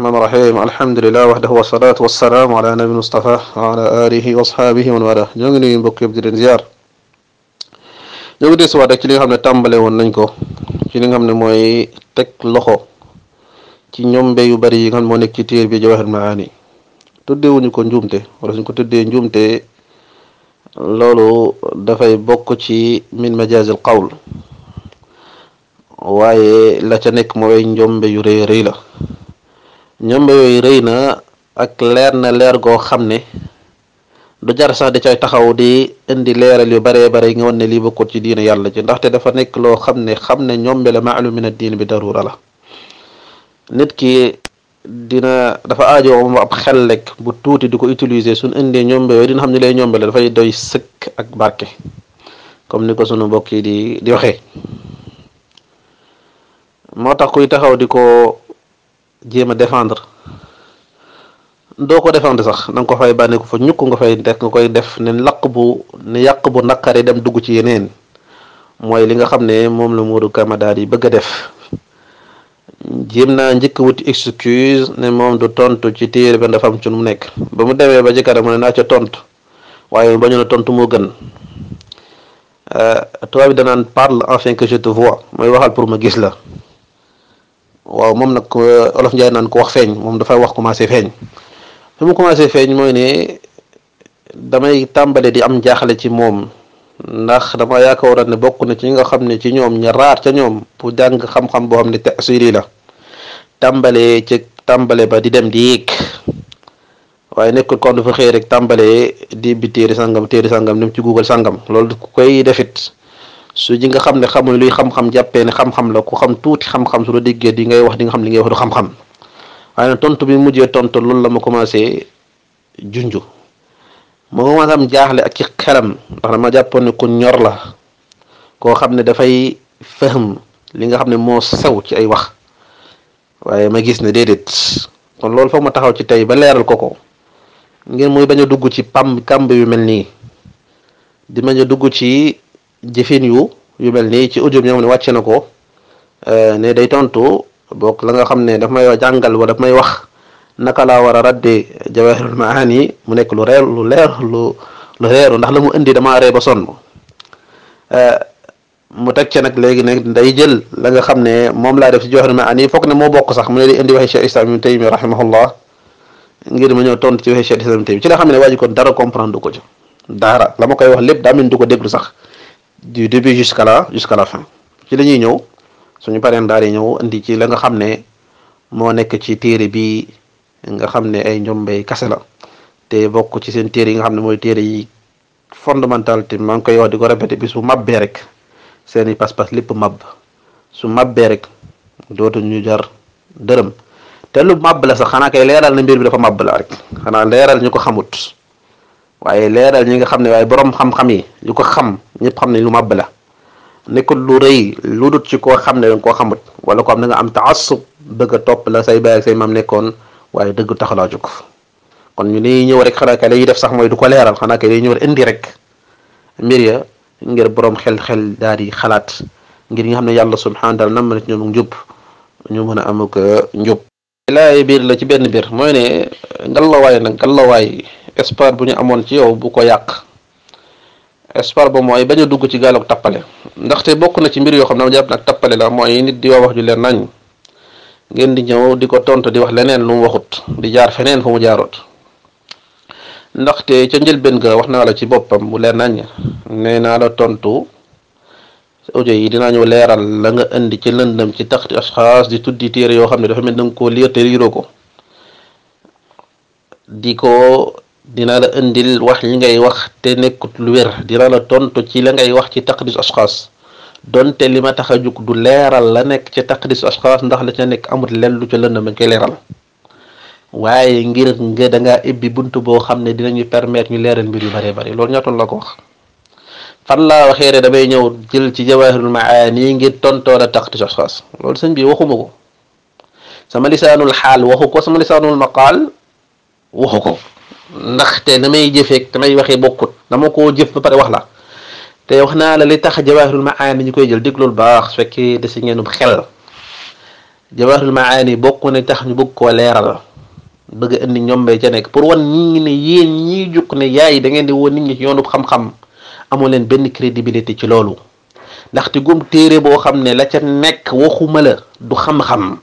الرحمن الرحيم الحمد لله وحده والصلاة والسلام على نبي المصطفى وعلى آله وأصحابه ومن والاه ñoo ngi nuyu mbokk yëpp di leen ziar ñoo li xam ne tàmbale woon nañ ko ci li nga xam ne mooy teg loxo ci ñoom mbéy yu bari yi nga moo nekk ci téer bi Jawahirul Maani tuddeewuñu ko njuumte wala suñ ko tuddee njuumte loolu dafay bokk ci min majaazil qawl waaye la ca nekk mooy njombe yu rëy rëy la ñombe yooyu rëy na ak leer na leer goo xam ne du jar sax di cay taxaw di indi leeral yu baree bare yi nga won ne lii bokkut ci diine yàlla ji ndaxte dafa nekk loo xam ne xam ne ñombe la maalum min diine bi darura la nit ki dina dafa aajo mu ab xel lekk bu tuuti di ko utiliser suñ indee ñombe yooyu dina xam ne lay ñombe la dafay doy sëkk ak barke comme ni ko sunu mbokk yi di di waxee moo tax kuy taxaw di ko jéem a défendre doo ko défendre sax na ko fay bànneeku fa ñukk nga fay nekk nga koy def ne laq bu ne yàq bu naqari dem dugg ci yeneen mooy li nga xam ne moom la mu Modou Kama daal yi bëgg a def jéem naa njëkk wuti excuse ne moom du tontu ci téere ba dafa am ci nu mu nekk ba mu demee ba ci kanam mu ne naa ca tontu waaye ba ñu ne tontu moo gën euh, tubaab bi danaan parle enfin que je te vois mooy waxal pour ma gis la waaw moom nag euh, olof njaay naan ko wax feeñ moom dafa wax commencé feeñ fi mu commencé feeñ mooy ne damay tàmbale di am jaaxle ci moom ndax dama yaakaaroon ne bokk na ci nga xam ne ci ñoom ñaraar ca ñoom pour jàng xam-xam boo xam ne tasiri la tàmbalee ci tàmbale ba di dem di yéeg waaye nekkul kon dafa xëy rek tàmbalee di bi téere sàngam téere sàngam dem ci google sàngam loolu ku koy defit su ji nga xam ne xamul luy xam-xam jàppee ne xam-xam la ku xam tuuti xam-xam su la déggee di wax di xam li ngay wax du xam-xam waaye tontu bi mujjee tontu loolu la ma commencé junj ma commencé jaaxle ak ci xelam ndax jàppoon ne ku ñor la koo xam ne dafay faham li nga xam ne moo sew ci ay wax waaye ma gis ne déedéet kon loolu foog ma taxaw ci tey ba leeral ko ko ngeen mooy bañ a dugg ci pam kàmb yu mel nii di bañ dugg ci. jëfin yu yu mel nii ci audio bi ñoom ne wàcce na ko euh, ne day tontu boog la nga xam ne daf may jàngal wala daf may wax naka laa war a radde jawahirul maani mu nekk lu reer lu leer lu lu reeru ndax la mu indi damaa ree ba sonn euh, mu teg ca nag léegi nag day jël la nga xam ne moom laa def ci jawahirul maani foog ne moo bokk sax mu ne di indi waxi cheikh islam ibn taymi rahimahullah ngir ma ñëw tontu ci waxi cheikh ci la xam ne waa ji kon dara comprendre du ko ci la ma koy wax lépp daa mel du ko déglu sax du début jusqu'à la jusqu'à la fin ci lañuy ñëw suñu parent daal ñëw indi ci la nga xam ne moo nekk ci téere bi nga xam ne ay bay kase la te bokk ci seen téere yi nga xam ne mooy téere yi fondamental te maa ngi koy wax di ko répété bi su mabbee rek seen i pas-pas lépp mab su mabbee rek dootu ñu jar dërëm te lu mab la sax xanaa kay leeral na mbir bi dafa mab la rek xanaa leeral ñu ko xamut waaye leeral ñi nga xam ne waaye boroom xam-xam yi yu ko xam ñëpp xam ne lu màbb la nekkul lu rëy lu dut ci ko xam ne danga koo xamut wala ko am da nga am taasub bëgg a topp la say baay say maam nekkoon waaye dëgg taxalaa jóg kon ñu ni ñëw rek xanaa def sax mooy du ko leeral xanaa kay day ñëw rek ngir boroom xel-xel daal di xalaat ngir ñi nga xam ne yàlla subhaanahu taala nam na ci ñoom njub ñu mën a amuk njub laay biir la ci benn biir mooy ne ngallawaay nag ngallawaay espoir bu ñu amoon ci yow bu ko yàq espoir ba mooy bañ a dugg ci gaalug tappale ndaxte bokk na ci mbir yoo xam ne ma jàpp nag tappale la mooy nit di wax wax ju leen nañ ngeen di ñëw di ko tontu di wax leneen lu waxut di jaar feneen fu mu jaarut ndaxte ca njëlbéen ga wax naa la ci boppam bu leen nañ nee naa la tontu ojo yi dinaa ñëw leeral la nga indi ci lëndëm ci taxti asxaas di tuddi téere yoo xam ne dafa mel ni danga koo liir te liiroo ko di ko dina la indil wax li ngay wax te nekkut lu weer dina la tontu ci la ngay wax ci taqdis ashxaas donte li ma tax a jug du leeral la nekk ci taqdis ashxaas ndax la ca nekk amut leen lu ci lënd mañ koy waaye ngir da ngaa ibbi bunt boo xam ne dinañu permettre ñu leeral mbir yu bëree bëri loolu ñaatoon la ko wax fan laa waxee ne damay ñëw jël ci ma maani ngir tontoo la taqdis ashxaas loolu sëñ bi waxuma ko sama lisaanul xaal waxu ko sama lisaanul maqaal waxu ko ndaxte na may jëfee damay waxee bokkut dama koo jëf ba pare wax la te wax naa la li tax jawaarul ma maani ñu koy jël déglu lu baax su fekkee da si ngeenum xel jawaahirul maani bokk na tax ñu bëgg koo leeral bëgg indi ñombee ca nekk pour wan ñi ngi ne yéen ñii jukk ne yaay da ngeen di woon nit ñi ci yoonu xam-xam amoo leen benn crédibilité ci loolu ndaxte gum téere boo xam ne la ca nekk waxuma la du xam-xam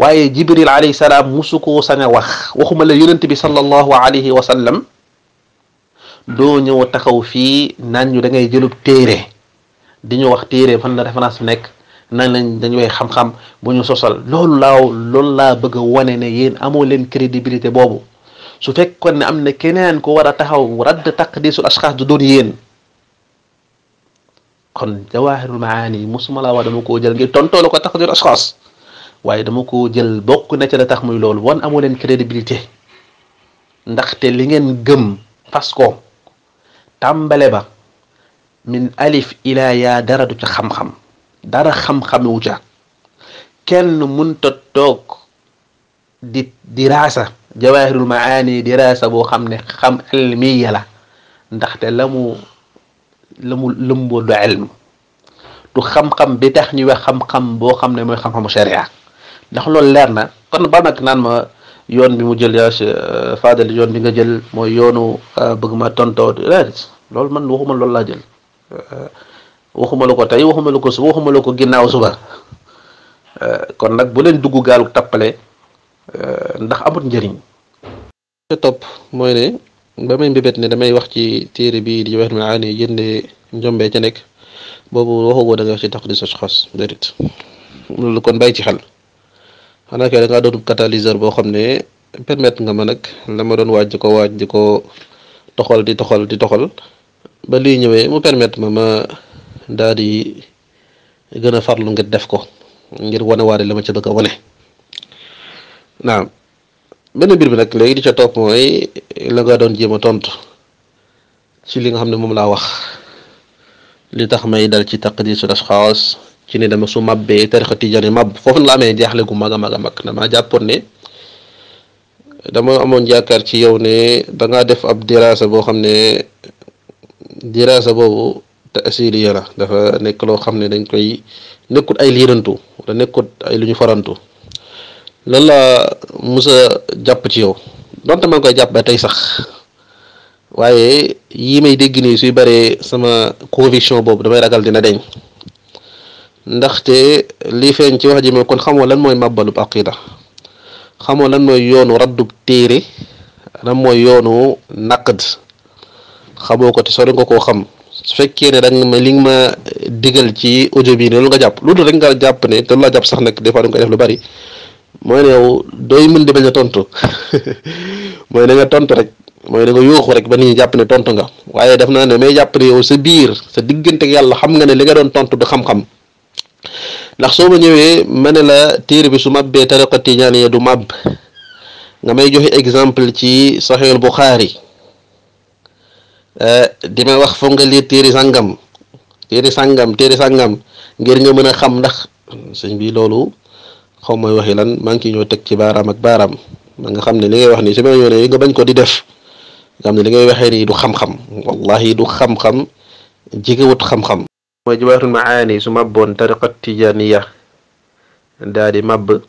waaye jibril alayhi salaam musu koo sañ wax waxuma la yonent bi sallallahu alayhi wa sallam doo ñëw taxaw fii naan ñu da ngay jëlub téere di wax téere fan la référence bi nekk nan lañ dañu way xam-xam bu ñu sosal loolu laa loolu laa bëgg a wane ne yéen amoo leen crédibilité boobu su fekkoon ne am na keneen ko war a taxaw taq taqdisul ashxaas du doon yéen kon jawaahirul maani musuma laa wax mu koo jël ngir tontoo la ko taqdisul ashxaas waaye dama ko jël bokk na ca la tax muy loolu wan amu leen crédibilité ndaxte li ngeen gëm fas ko tàmbale ba min alif ilaa dara du ca xam-xam dara xam-xamewu ca kenn munta toog di diraasa jawaahirul maani diraasa boo xam ne xam ilmiya la ndaxte la mu la mu lëmboo du ilm du xam-xam bi tax ñu wee xam-xam boo xam ne mooy xam-xamu sharia ndax loolu leer na kon ba nag naan ma yoon bi mu jël yaa euh, Fadel yoon bi nga jël mooy yoonu euh, bëgg ma tontoo loolu man waxuma loolu laa jël euh, waxuma la ko tey waxuma ko su waxuma la ko ginnaaw suba kon nag bu leen dugg gaalu tappale ndax amut njëriñ. te topp mooy ne ba may mbébét ne damay wax ci téere bii di wax ma ànd jënde njombee ca nekk boobu waxagoo da nga wax ci tax di sos xos déedéet loolu kon bàyyi ci xel. xanaa kay da ngaa doon catalyseur boo xam ne permettre nga ma nag la ma doon waaj ko waaj ko toxal di toxal di toxal ba li ñëwee mu permettre ma ma daal di gën a farlu ngir def ko ngir wane waare la ma ca bëgg a wane naam benn mbir bi nag léegi di ca topp mooy la nga doon jéem a tontu ci li nga xam ne moom laa wax li tax may dal ci taqdisul ashxaas ci ne dama su mabbee tarixa tijaani mab foofu la amee jaaxle gu mag a mag a mag damaa jàppoon ne dama amoon yaakaar ci yow ne dangaa def ab dirasa boo xam ne dirasa boobu tasiliya la dafa nekk loo xam ne dañ koy nekkut ay liirantu wala nekkut ay lu ñu farantu lan la musa jàpp ci yow donte maa ngi koy jàpp ba tey sax waaye yii may dégg nii suy bare sama conviction boobu damay ragal dina deñ ndaxte lii feeñ ci wax ji mooy kon xamoo lan mooy màbbalub aqida xamoo lan mooy yoonu raddub téere lan mooy yoonu naqd xamoo ko te sori ko koo xam su fekkee ne danga ma li nga ma digal ci audio bi ne nga jàpp lu dul rek nga jàpp ne te lu la sax nag des fois def lu bari mooy ne dooy mën di bañ a tontu mooy da tontu rek mooy da nga rek ba nit ñi jàpp ne tontu nga waaye def naa ne may jàpp ne yow sa biir sa diggante ak yàlla xam nga ne li nga doon tontu du xam-xam. ndax soo ma ñëwee ma ne la téere bi su mabbee tariqa tijaaniya du mab nga may joxe exemple ci saxiixul Buxaari eh, di ma wax foog nga lii téere sàngam téere sàngam téere sàngam ngir nga mën a xam ndax sëñ bi loolu xaw may waxi lan maa ngi ñoo teg ci baaraam ak baaraam ma nga xam ne li ngay wax nii su ma yoonee nga bañ ko di def nga xam ne li ngay waxee nii du xam-xam wallahi du xam-xam jigewut xam-xam mooy jawaatul maani su maboon tariqat tijaniya daa di màbb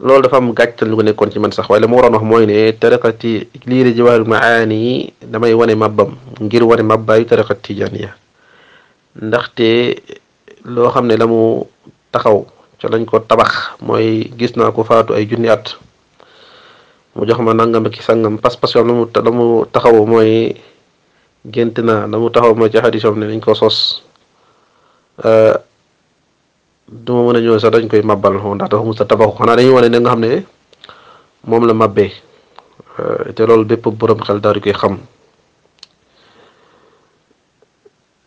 loolu dafa am gàccal ñu ko nekkoon ci man sax wala la ma waroon mooy ne tariqati lii di jawaatul maani damay wane màbbam ngir wane màbbaayu tariqat ya ndaxte loo xam ne lamu taxaw ca lañ ko tabax mooy gis naa ko faatu ay junni at mu jox ma nangam a sangam pas-pas yoo la mu taxaw mooy gént naa na mu taxaw ma ci xadisam ne dañ ko sos euh, du ma mën a ñëw sax dañ koy mabbal moom ndax dafa mus xanaa dañuy wane ne nga xam ne moom la mabbee euh, te loolu bépp borom xel daal di koy xam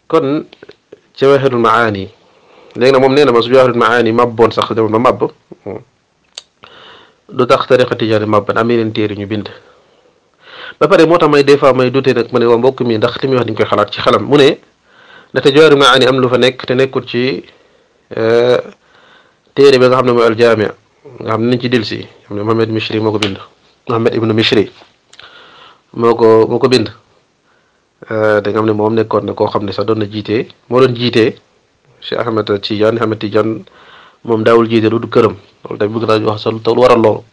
kon Jawahirul Maani léegi nag moom nee na ma su Jawahirul Maani mabboon sax dama ma mabb du tax tariqa tijaani mabban am yeneen téere ñu bind ba pare moo tax may des fois may dutee nag ma ne waa mbokk mi ndax li muy wax dañ koy xalaat ci xelam mu ne am lu fa nekk te nekkul ci euh, téere bi nga xam ne mooy aljaamia nga xam ne nañ ci dil si xam ne Mohamed Mishri moo ko bind Mohamed Ibn Mishri ko moo ko bind euh, da nga xam ne moom nekkoon na koo xam ne sax doon na jiite moo doon jiite Cheikh Ahmed Tidiane Ahmed Tidiane moom daawul jiite lu du këram loolu tamit bëgg naa wax sax lu tax lu waral loolu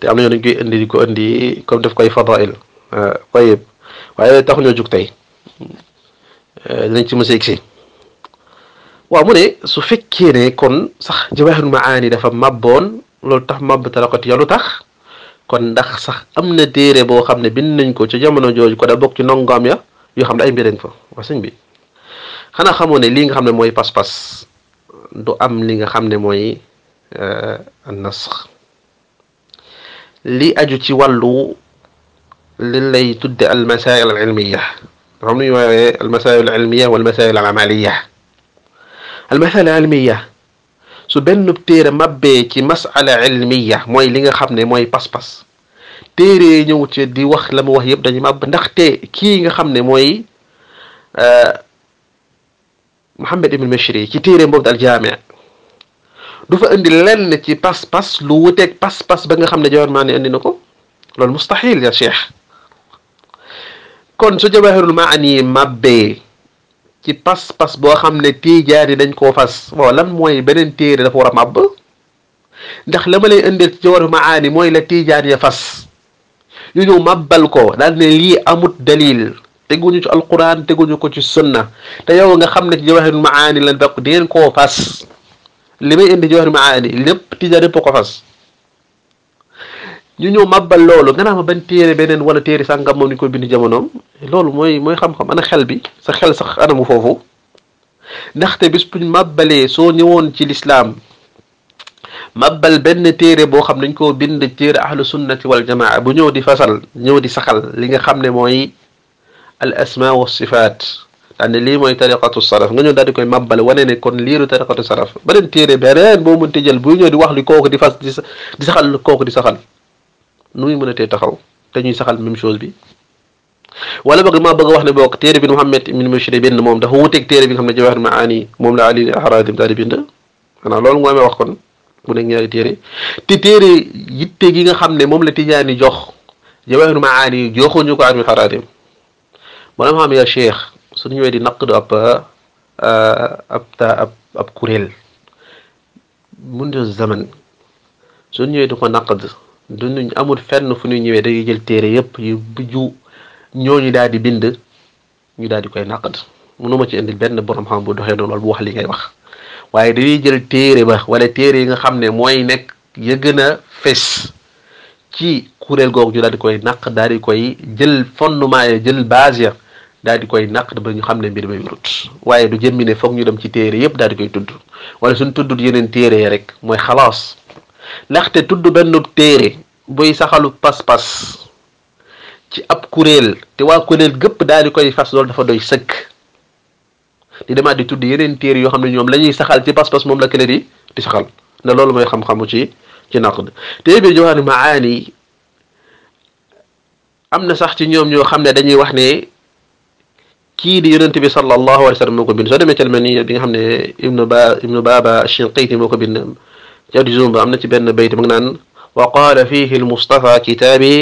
te am na ñoo dañ koy indi di ko indi comme daf koy fadail euh, tayib waaye taxuñoo jug tey euh, dinañ ci mos a waaw mu ne su fekkee ne kon sax jawaahirul maani dafa mab boon loolu tax mabb talaqati yoonu tax kon ndax sax am na téere boo xam ne bind nañ ko ci jamono jooju ko da bokk ci ndongoom ya yoo xam ne ay mbir fo waa bi xanaa xamoo ne lii nga xam ne mooy pas-pas du am li nga xam ne mooy euh, nas لي اجو تي والو للي تد المسائل العلميه عمري المسائل العلميه والمسائل العمليه المسائل العلميه سو بن تيرا مبي كي مساله علميه موي ليغا خامني موي باس باس تيري نيو تي دي واخ لما واخ ييب داني ماب نختي كيغا خامني موي آه محمد ابن مشري كي تيري مبد الجامع du fa indi lenn ci pas-pas lu wuteeg pas-pas ba nga xam ne Jawaahirul Maani indi na ko loolu mustaxil ya cheikh kon su Jawaahirul Maani mabbee ci pas-pas boo xam ne tiijaan yi dañ koo fas waaw lan mooy beneen téere dafa war a màbb ndax la ma lay indil ci Maani mooy la tiijaan ya fas ñu ñëw mabbal ko daal ne lii amut dalil teguñu ci alquran teguñu ko ci sunna te yow nga xam ne ci Jawaahirul Maani lan bokk deen koo fas li may indi jawahir maani lépp tijaan yëpp ko fas ñu ñëw màbbal loolu nga naa ma ban téere beneen wala téere sàngam moom ni ko bind jamono loolu mooy mooy xam-xam ana xel bi sa xel sax mu foofu ndaxte bis buñ màbbalee soo ñëwoon ci lislaam mabbal benn téere boo xam dañ koo bind téere ahlu sunnati wal jamaa bu ñëw di fasal ñëw di saxal li nga xam ne mooy al asma sifaat daal ne lii mooy tariqatu salaf nga ñëw daal di koy màbbale ne kon liiru tariqatu salaf beneen téere beneen boo mënti jël buy ñëw di wax li kooku di fas di saxal kooku di saxal nu muy mën a tee taxaw te ñuy saxal même chose bi wala boog maa bëgg a wax ne boog téere bi Muhammad ibn Mushri bind moom dafa wuteeg téere bi nga xam ne Jawahir Maani moom la Ali Harazim daal di bind loolu mooy wax kon bu nekk ñaari téere te téere yitte gi nga xam ne moom la Tijaani jox Jawahir jox joxuñu ko Ali Harazim maanaam xam ya Cheikh su ñëwee di naqdu ab eh, ab ta ab ab kuréel mundu zaman su ñëwee di ko naqd du ñu amul fenn fu ñuy ñëwee dañuy jël téere yépp yu biju ñooñu daal di bind ñu daal di koy naqd mënuma ci indil benn borom xam bu doxee noonu wala bu wax li ngay wax waaye dañuy jël téere ba wala téere yi nga xam ne mooy nekk ya gën a fes ci kuréel googu ñu daal di koy naq daal di koy jël fondement ya jël base ya daal di koy naq ba ñu xam ne mbir ma wérut waaye du jëmmi ne foog ñu dem ci téere yëpp daal di koy tudd wala suñ tudd yeneen téere rek mooy xalaas ndaxte tudd benn téere buy saxalu pas ci ab kuréel te waa kuréel gëpp daal di koy fas loolu dafa doy sëkk di demaat tudd yeneen téere yoo xam ne ñoom la ñuy saxal ci pas-pas moom la kële di di saxal na loolu mooy xam-xamu ci ci naqd te bi Jawahir Maani am na sax ci ñoom ñoo xam ne dañuy wax ne كي دي يونتي بي صلى الله عليه وسلم موكو بين سوري مثل ماني بيغا خامني ابن با ابن بابا الشنقيطي موكو بين جاري زوم با امنتي بن بيت مغنان وقال فيه المصطفى كتابي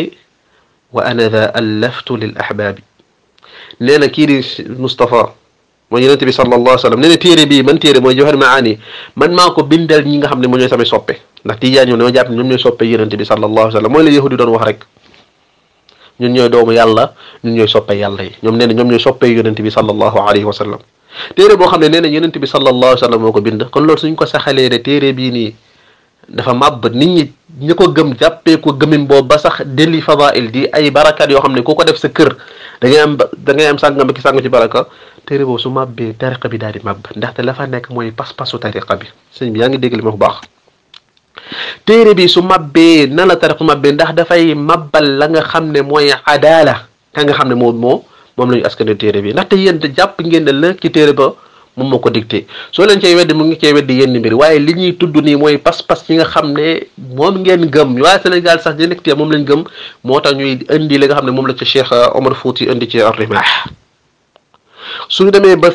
وانا ذا الفت للاحباب نينا كي دي المصطفى مو يونتي بي صلى الله عليه وسلم نينا تيري بي من تيري مو جوهر معاني من ماكو بندل نيغا خامني مو نيو سامي سوبي ناتي يانيو نيو جاب نيو سوبي يونتي بي صلى الله عليه وسلم مو لي يهودي دون وخ رك ñun ñooy doomu yàlla ñun ñooy soppe yàlla yi ñoom nee na ñoom ñooy soppe yonent bi sallallahu alayhi wa sallam boo xam ne nee na yonent bi sallallahu alayhi wa sallam moo ko bind kon loolu suñ ko saxalee ne téere bii nii dafa màbb nit ñi ñi ko gëm jàppee ko gëmin boobu ba sax deli fadail di ay barakaat yoo xam ne ku ko def sa kër da ngay am da ngay am sàngam ki sàngu ci baraka téere boo su màbbee tariqa bi daal di màbb ndaxte la fa nekk mooy pas-pasu tariqa bi sëñ bi yaa ngi dégg ma bu baax téere bi su mabbee na la tariq mabbee ndax dafay mabbal la nga xam ne mooy adaala ka nga xam ne moom moo moom la ñu askane téere bi ndaxte yéen jàpp ngeen ne la ci téere ba moom moo ko dicté soo leen cay weddi mu ngi cay weddi yenn mbir waaye li ñuy tudd nii mooy pas-pas yi nga xam ne moom ngeen gëm waa Sénégal sax di nekk te moom lañ gëm moo tax ñuy indi li nga xam ne moom la ci Cheikh Omar Fouti indi ci Rimah su demee ba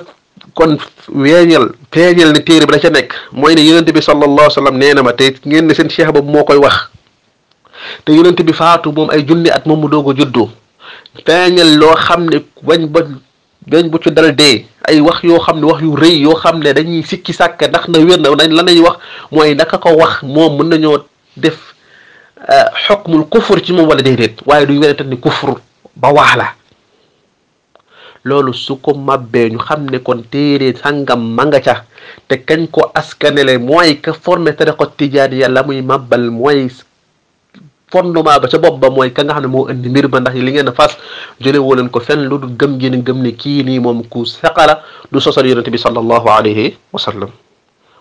kon weeñal feeñal ne téere bi la ca nekk mooy ne yonente bi sallallahu alayhi wa nee na ma te ngeen seen cheikh boobu moo koy wax te yonente bi faatu moom ay junne at moom mu doog a juddu feeñal loo xam ne bañ ba bañ bu ci dal dee ay wax yoo xam ne wax yu rëy yoo xam ne dañuy sikki sàkk ndax na wér na nañ la ñuy wax mooy naka ko wax moom mën nañoo def eh, xukmul kufur ci moom wala déedéet waaye duñ werante ni kufur ba wax la loolu su ko mabbee ñu xam ne kon téere sàngam ma nga ca te kañ ko askanele mooy ka formé tariqa tijaaniya la muy mabbal mooy fondement ba ca bopp ba mooy ka nga xam ne moo indi mbir ba ndax li ngeen fas jële woo leen ko fen lu dul gëm ngeen gëm ne kii nii moom ku saqala du sosal yonente bi sallallahu alayhi wa sallam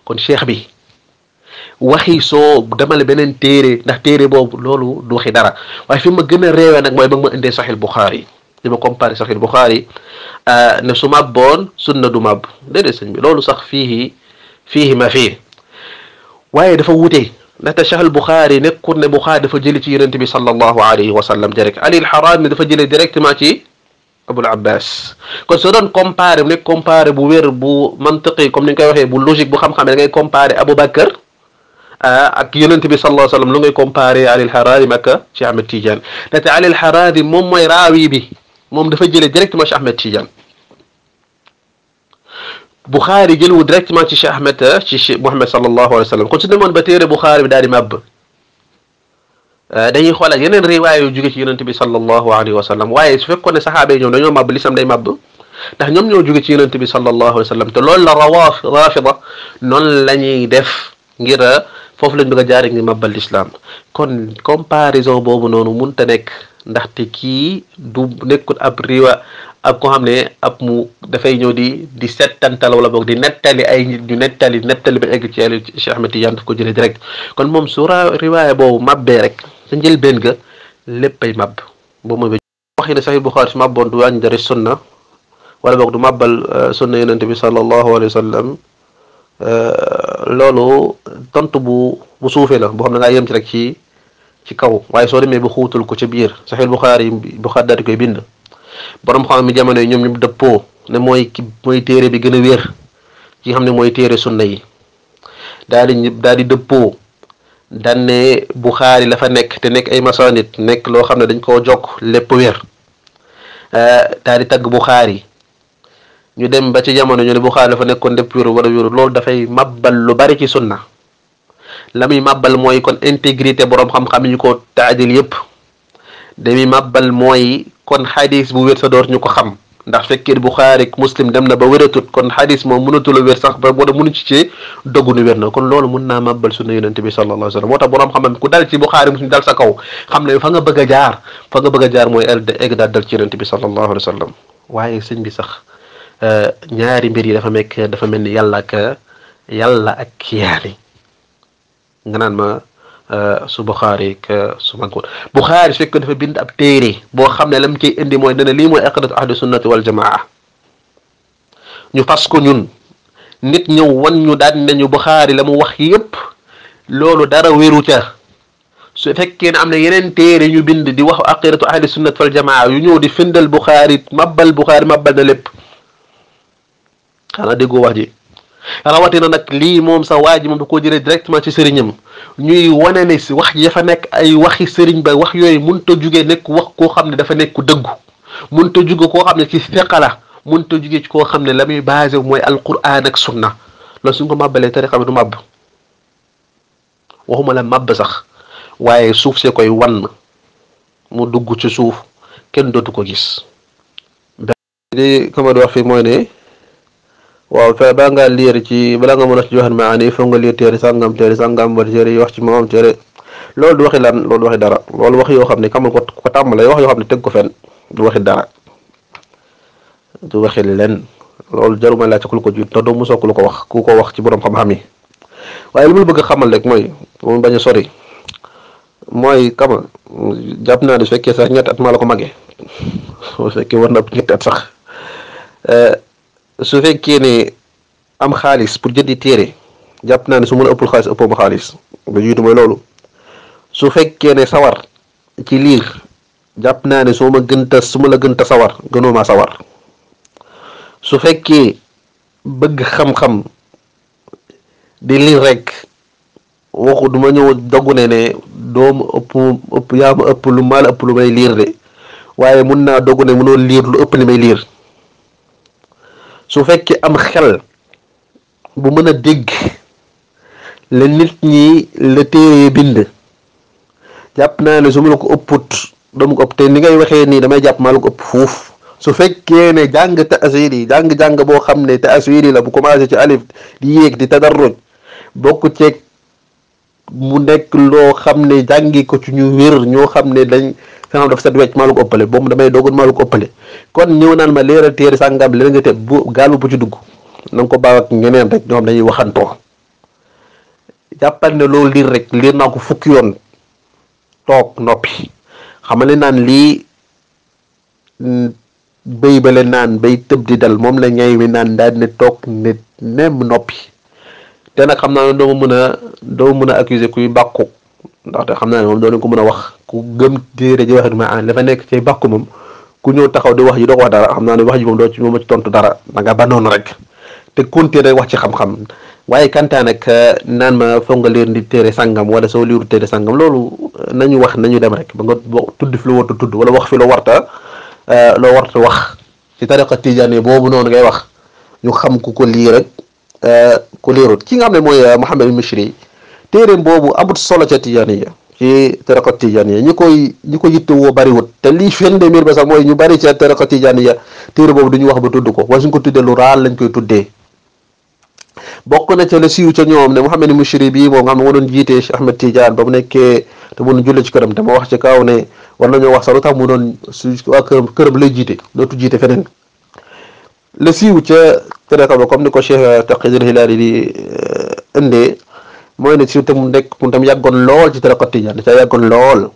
kon cheikh bi waxi soo demale beneen téere ndax téere boobu loolu du waxi dara waaye fi ma gën a réewee nag mooy ba ma indee saxil Buxaari di ma comparé saxi Bukhari ne su màbboon sunna du màbb déedéet sëñ bi loolu sax fiihi fiihi ma fii waaye dafa wute ndaxte Cheikh al Bukhari nekkul ne Bukhari dafa jëli ci yonent bi sallallahu alayhi wa sallam direct Ali al Harazmi dafa jëlee directement ci Abul Abbas kon soo doon comparé mu nekk comparé bu wér bu mantiqi comme ni nga koy waxee bu logique bu xam-xamee ngay comparé Aboubacar ak yonent sallallahu alayhi wasallam sallam lu ngay comparé Ali al Harazmi ak Cheikh Ahmed Tidiane ndaxte Ali al Harazmi moom mooy raawi bi. moom dafa jëlee directement ci Ahmed Tidiane Bukhari jël wu directement ci Cheikh Ahmed euh, ci Cheikh Mouhamed sallallahu alayhi wa sallam kon su demoon ba téere Bukhari bi daal di màbb euh, dañuy xool ak yeneen riwaay jóge ci yonente bi sallallahu alayhi wa sallam waaye su fekkoon ne saxaaba yi ñoom dañoo màbb day màbb ndax ñoom ñoo jóge ci yonente bi sallallahu alayhi wa sallam te loolu la rawaaf rafida noonu la ñuy def ngir euh, foofu lañ bëgg a jaari ngi màbbal lislaam kon comparaison boobu noonu mënta nekk ndaxte kii du nekkul ab riwa ab ko xam ne ab mu dafay ñëw di di settantal wala boog di nettali ay nit ñu nettali nettali ba egg ci yàlla Cheikh Ahmed Tidiane daf ko jëlee direct kon moom su riwaaya boobu mabbee rek sa njëlbeen ga léppay mab boo mooy ba waxi ne Sahih Bukhari su mabboon du wàññi wala boog du mabbal euh, sunna yonente bi sallallahu alayhi wa sallam euh, loolu tontu bu bu suufee la boo xam ne ngaa yem ci rek ci ci kaw waaye soo demee ba xuutal ko ca biir saxiil Buxaari yi Buxaari daal di koy bind borom xam mi jamono yi ñoom ñu dëppoo ne mooy ki mooy téere bi gën a wér ci xam ne mooy téere sunna yi daal di daal di dëppoo daan ne Buxaari la fa nekk te nekk ay masanit nekk loo xam ne dañ koo jokk lépp wér eh, daal di tagg Buxaari ñu dem ba ci jamono ñu ne Buxaari la fa nekkoon lépp wér wala wér loolu dafay mabbal lu bari ci sunna la muy màbbal mooy kon intégrité boroom xam-xam yi ñu ko taadil yépp damuy màbbal mooy kon xadis bu wér sa door ñu ko xam ndax fekkee Buxaari Muslim dem na ba wératut kon xadis moom mënatula wér sax ba wala mënu ci cee doggunu wér na kon loolu mun naa màbbal sunna yonente bi sallallahu alayhi wa sallam moo tax boroom xam-xam ku dal ci Buxaari Muslim dal sa kaw xam ne fa nga bëgg a jaar fa nga bëgg a jaar mooy eld egg daal dal ci yonente bi sallallahu alayhi wa sallam waaye sëñ bi sax ñaari mbir yi dafa mekk dafa mel ni yàlla ak yàlla ak kiyaani nga naan ma euh, su Buxaari ak euh, su Mansuur Buxaari su fekkee dafa bind ab téere boo xam ne la mu ciy indi mooy dana lii mooy aqidatu ahlu sunnati wal jamaa ñu fas ko ñun nit ñëw wan ñu daan nañu Buxaari la mu wax yépp loolu dara wéru ca su fekkee ne am na yeneen téere ñu bind di wax aqidatu ahlu sunnati wal jamaa yu ñëw di findal Buxaari mabbal Buxaari mabbal na lépp xanaa déggoo wax ji. rawatina nag lii moom sax waa ji moom da koo jëlee directement ci sëriñam ñuy wane ne si wax ji dafa nekk ay waxi sëriñ ba wax yooyu mënut a jugee nekk wax koo xam ne dafa nekk ku dëggu mënut a jugee koo xam ne ci feqala mënut a jugee koo xam ne la muy basé mooy alquran ak sunna la suñ ko màbbalee tariqa bi du màbb waxuma la màbb sax waaye suuf see koy wan mu dugg ci suuf kenn dootu ko gis. li kama di wax fii mooy ne. waaw fexe ba nga liir ci bala nga mën a ci joxe maanaam il faut nga liir téere sàngam téere sàngam ba téere yi wax ci moom téere lool du waxi lool loolu du waxi dara loolu wax yoo xam ne kamul ko ko tàmbalee wax yoo xam ne ko fenn du waxi dara du waxi len loolu jaruma laaj ku ko jiit te doo soo ku ko wax ku ko wax ci borom xam-xam yi waaye li mu bëgg xamal rek mooy moom bañ a sori mooy kama jàpp naa su fekkee sax ñetti at maa ko màggee su fekkee war na ñetti at sax. Eh, su fekkee ne am xaalis pour jëndi téere jàpp naa ne suma mën a ëppul xaalis ëppoo ma xaalis ba jiitu mooy loolu su fekkee ne sawar ci liir jàpp naa ne soo ma gënta su ma la gënta sawar gënoo maa sawar su fekkee bëgg xam-xam di liir rek waxu duma ma ñëw doggu ne ne doomu ëpp ëpp yaa ma ëpp lu maa la lu may liir de waaye mun naa doggu ne mënoo liir lu ëpp li may liir su fekkee am xel bu mën a dégg la nit ñi la téere bind jàpp naa ne su ma la ko ëpput dama ko ëpp te ni ngay waxee nii damay jàpp maa la ko ëpp fuuf su fekkee ne jàng taasir yi jàng-jàng boo xam ne taasir yi la bu commencé ci alif di yéeg di tadarruj bokk ceeg mu nekk loo xam ne jàngi ko ci ñu wér ñoo xam ne dañ sama dafa set wecc maa la ko ëppale boobu damay doogoon maa la ko kon ñëw naan ma leeral téere sàngam leeral nga te bu gaal bu ci dugg na ko baaw ak rek ñoom dañuy waxantoo jàppal ne loolu liir rek liir naa ko fukki yoon toog noppi xamale naan lii béy leen naan bay tëb di dal moom la ñay mi naan daal ne toog ne nem noppi te nag xam naa ne doo mën a doo mën a accuser kuy bàkku ndaxte xam naa ne moom ko mën a wax ku gëm téere ji waxit ma an dafa nekk ci bàkku moom ku ñëw taxaw di wax ji doo ko dara xam naa ne wax ji moom doo ci moom dara da nga banoon rek te konte rek wax ci xam waaye kantaa nag euh, naan ma foog nga liir di téere sàngam wala soo liiru téere sàngam loolu euh, nañu wax nañu dem rek ba nga tudd fi lu warta tudd wala wax fi loo warta euh, loo warta wax ci tariqa tijaani boobu noon ngay wax ñu xam ku ko lii rek ku liirut ki nga xam ne mooy Mouhamed Michri téeréem boobu amut solo ca tijaaniya ci tariqa tijaaniya ñi koy ñi ko yittewoo bariwut te lii firnde mbir ba sax mooy ñu bari ca tariqa tijaaniya téere boobu duñu wax ba tudd ko waaye suñ ko tuddee lu raal lañ koy tuddee bokk na ca la siiw ca ñoom ne Mouhamed Mouchiri bii moom nga xam ne moo doon jiite Cheikh Ahmed Tidiane ba mu nekkee te mu doon ci këram te wax ci kaw ne war nañoo wax sax lu tax mu doon su waa këram lay jiite dootu jiite feneen la siiw ca tariqa ba comme ni ko Cheikh Taqi al Hilali di eh, indee mooy ne siiw te mu nekk mu tam yàggoon lool ci tarakati tijaan ci yagon lol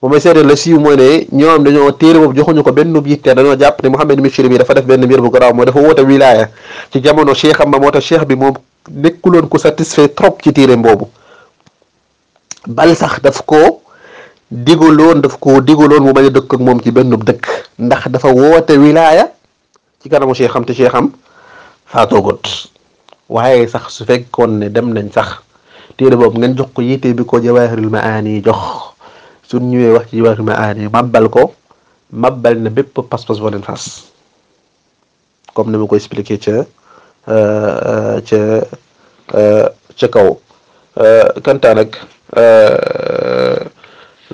lool may sédé la siiw mooy ne ñoom dañu téré boobu joxuñu ko benn bi té dañu jàpp ne mohammed mishri bi dafa def benn mbir bu graw mooy dafa wota wilaya ci jamono cheikh am ma moo cheikh bi moom nekulon ko satisfait trop ci téré boobu bal sax daf ko digulon daf ko digulon mu bañ dëkk ak mom ci benn dëkk ndax dafa wota wilaya ci kanamu cheikh am te cheikh am faatoogut waye sax su fekkone dem nañ sax téere boobu ngeen jox ko yitte bi ko jawaahirul maani jox suñ ñëwee wax ci jawaahirul maani màbbal ko màbbal na bépp pas-pas boo leen fas comme ni ma expliqué ca euh, ca euh, ca kaw euh, kanta nag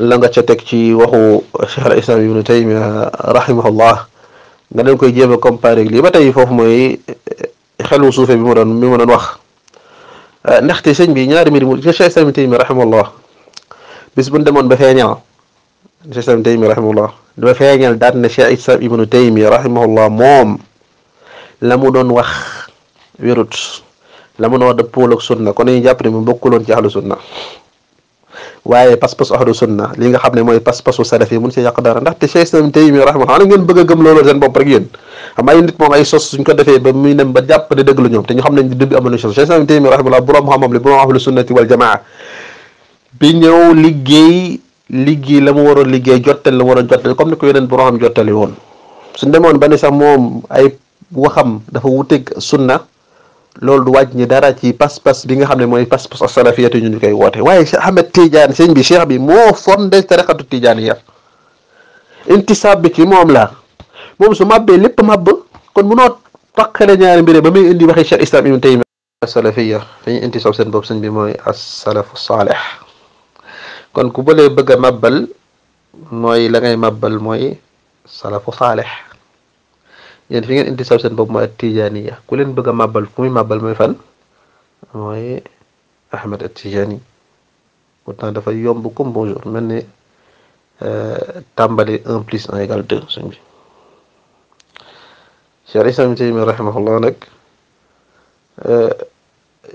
la nga ca teg ci waxu cheikh al islam ibnu taymia rahimahullah nga leen koy jéem a comparé lii ba tey foofu mooy xelu suufe mi mu doon mi mu doon wax Euh, ndaxte sëñ bi ñaari mbir mu Cheikh Islam Ibn Taymiyya rahimahullah bis bu ñu demoon ba feeñal Cheikh Islam Ibn Taymiyya rahimahullah dafa feeñal moom la mu doon wax wérut la mu doon wax dëppool ak sunna kon dañuy jàpp ne mu bokkuloon ci ahlu sunna waaye pas-pasu ahlu sunna li nga xam ne mooy pas-pasu salaf yi mun ci yàq dara ndaxte Cheikh Islam Taymi rahimahullah ngeen bëgg a gëm loolu seen ay nit moom ay sos suñ ko defee ba muy dem ba jàpp di ñoom te ñu xam ne dëgg amoon na sos Cheikh Islam Taymi rahimahullah borom xam-xam li borom ahlu sunnati wal la mu waroon liggéey jottali la mu waroon comme ni ko yeneen borom xam jottali woon suñ demoon ba ne sax moom ay waxam dafa wuteeg sunna loolu du wàññi dara ci pas-pas bi nga xam ne mooy pas-pas salafiyatu ñu ñu koy woote waaye Cheikh Ahmed Tidiane sëñ bi cheikh bi moo fondé tariqatu tijaaniya intisab bi ci moom la moom su màbbee lépp màbb kon munoo taqale ñaari mbir ba muy indi waxi cheikh islam ibn taymiya salafiya dañuy intisab seen bopp sëñ bi mooy a salafu saalih kon ku bëlee bëgg a màbbal mooy la ngay màbbal mooy salafu saalih yéen fi ngeen indi saw seen bopp mooy at tijaaniya ku leen bëgg a màbbal fu muy màbbal mooy fan mooy Ahmed at Tijani pourtant dafa yomb comme bonjour mel ni euh, tàmbali un plus un égal deux suñ bi Cheikh Islam Taymi rahimahullah nag euh,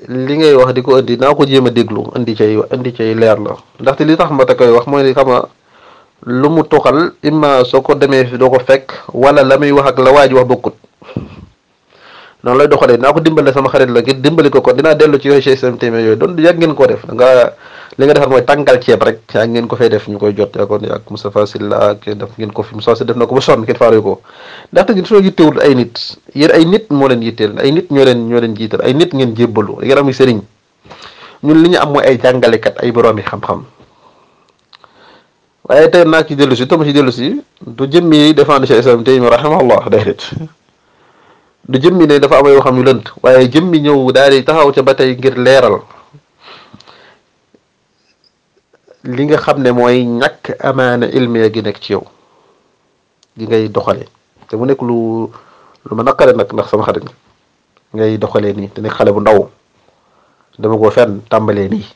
li ngay wax di ko indi naa ko jéem a déglu indi cay indi cay leer la ndaxte li tax ma ta koy wax mooy ni xam lu mu tuxal imma soo ko demee doo ko fekk wala la muy wax ak la waa ji wax bokkut noonu lay doxalee na ko dimbale sama xarit la ngir dimbali ko ko dinaa dellu ci yooyu ci islam téeméer yooyu doon yàgg ngeen koo def da nga li nga defar mooy rek ngeen ko fay def ñu koy jot yaakoon ak Moustapha Sylla ak def ngeen ko fi Moustapha Sylla def na ko ba sonn kenn faaruyu ko ndaxte ñun suñu yittewul ay nit yéen ay nit moo leen yitteel ay nit ñoo leen ñoo leen jiital ay nit ngeen jébbalu ngeen am sëriñ ñun li ñu am mooy ay jàngalekat ay boroomi xam-xam waaye tey naa ci dellu si tam ci dellu si du jëmmi défendre Cheikh Islam tey mi rahimahullah déedéet du jëmmi ne dafa am yoo xam yu lënt waaye jëmmi ñëw daal di taxaw ca ba tey ngir leeral li nga xam ne mooy ñàkk amaana ilmiya gi nekk ci yow gi ngay doxalee te mu nekk lu lu ma naqare nag ndax sama xarit ngay doxalee nii te nekk xale bu ndaw dama ko fenn tàmbalee nii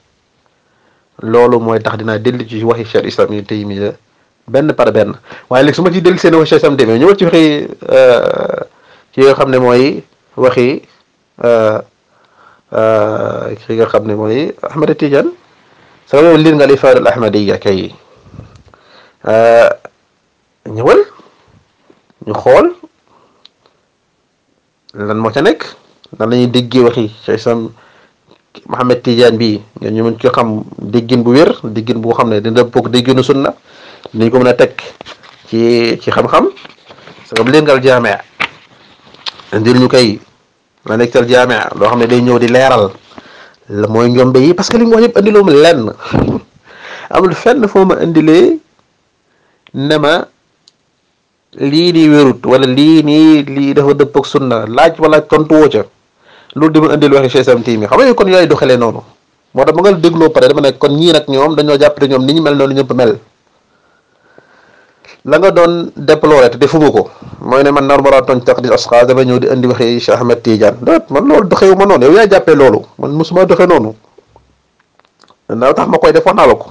loolu mooy tax dinaa dellu ci waxi cheikh islam yi tey mii benn par benn waaye léegi su ma ci dellu seen waxi cheikh islam demee ñëwal ci waxi euh, ki nga xam ne mooy waxi euh, euh, ki nga xam ne mooy Ahmad Tidiane sama yow liir nga al ifaadatul ahmadiya ñëwal ñu xool lan moo ca nekk nan la ñuy déggee waxi cheikh islam Mohamed Tidiane bi ngeen ñu mën ci xam déggin bu wér déggin boo xam ne dina bokk dégginu sunna dinañ ko mën a teg ci ci xam-xam sabab lingal jaamea indil ñu koy la nektal jaamea loo xam ne day ñëw di leeral la mooy njombe yi parce que li mu wax yëpp indiloo ma lenn amul fenn foo ma indilee ne lii nii wérut wala lii nii lii dafa dëpp ak sunna laaj wala tontu woo loolu dama indil waxi Cheikh Sam Timi xam nga kon yooyu doxalee noonu moo tax ma nga dégloo pare dama ne kon ñii nag ñoom dañoo jàpp ne ñoom ni ñu mel noonu la nga doon déploré te defuma ko mooy ne man nar ma tooñ taqdis asxaas dama ñëw di indi waxi Cheikh Ahmed Tidiane déet man loolu doxewu ma noonu yow yaa jàppee loolu man mosuma doxee noonu na tax ma koy def wax naa la ko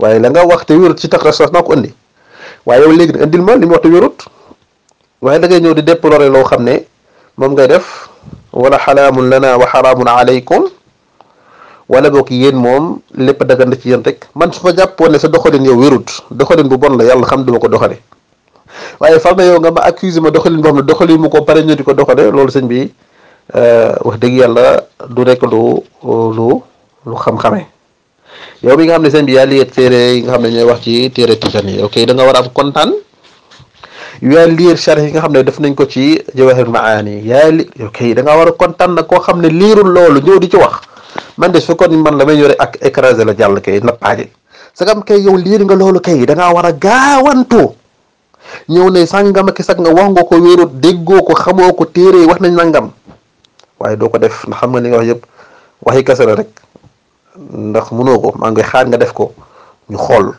waaye la nga wax te wérut ci tax taqdis soo naa ko indi waaye yow léegi indil ma li mu wax te wérut waaye da ngay ñëw di déploré loo xam ne moom ngay def. wala xalaamun lana wa xaraamun aleykum wala boog yéen moom lépp dagan na ci yéen rek man su ma jàppoon ne sa doxalin yow wérut doxalin bu bon la yàlla xam duma ko doxale waaye far na yow nga ma ma doxalin boo xam ne ko pare di ko doxale loolu sëñ bi euh, wax dëgg yàlla du rek lu lu lu xam-xame yow mi nga xam ne sëñ bi yaa liyeet téere yi nga xam ne ñooy wax ci téere tijaan yi ok da nga war a am kontaan yaa liir charh yi nga xam ne def nañ ko ci jawahir maani yaa li ok da ngaa war a kontaan nag koo xam ne liirul loolu ñëw di ci wax man de su fekkoon man la may yore ak écrasé la jàll kay nappaaje sagam kay yow liir nga loolu kay da ngaa war a gaawantu ñëw ne sàngama ki sag nga wax nga ko wéerut déggoo ko xamoo ko téere wax nañ nangam waaye doo ko def ndax xam nga li nga wax yëpp waxi kese la rek ndax mënoo ko maa ngi xaar nga def ko ñu xool